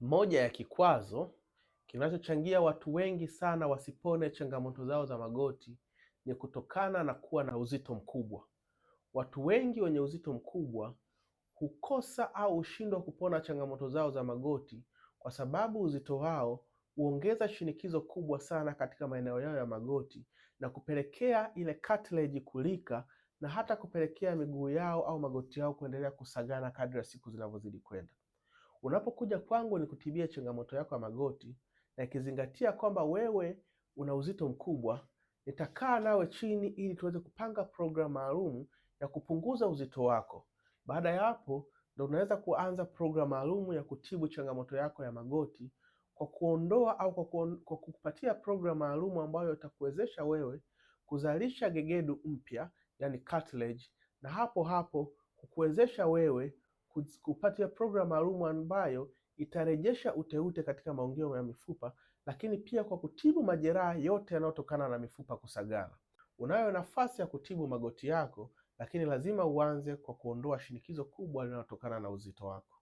moja ya kikwazo kinachochangia watu wengi sana wasipone changamoto zao za magoti ni kutokana na kuwa na uzito mkubwa. Watu wengi wenye uzito mkubwa hukosa au hushindwa kupona changamoto zao za magoti kwa sababu uzito wao huongeza shinikizo kubwa sana katika maeneo yao ya magoti na kupelekea ile cartilage kulika na hata kupelekea miguu yao au magoti yao kuendelea kusagana kadri ya siku zinavyozidi kwenda. Unapokuja kwangu nikutibia changamoto yako ya magoti, na ikizingatia kwamba wewe una uzito mkubwa, nitakaa nawe chini ili tuweze kupanga programu maalum ya kupunguza uzito wako. Baada ya hapo, ndo unaweza kuanza programu maalum ya kutibu changamoto yako ya magoti kwa kuondoa au kwa, ku, kwa kukupatia programu maalum ambayo itakuwezesha wewe kuzalisha gegedu mpya, yani cartilage, na hapo hapo kukuwezesha wewe kupatia programu maalum ambayo itarejesha uteute katika maungio ya mifupa, lakini pia kwa kutibu majeraha yote yanayotokana na mifupa kusagana. Unayo nafasi ya kutibu magoti yako, lakini lazima uanze kwa kuondoa shinikizo kubwa linalotokana na uzito wako.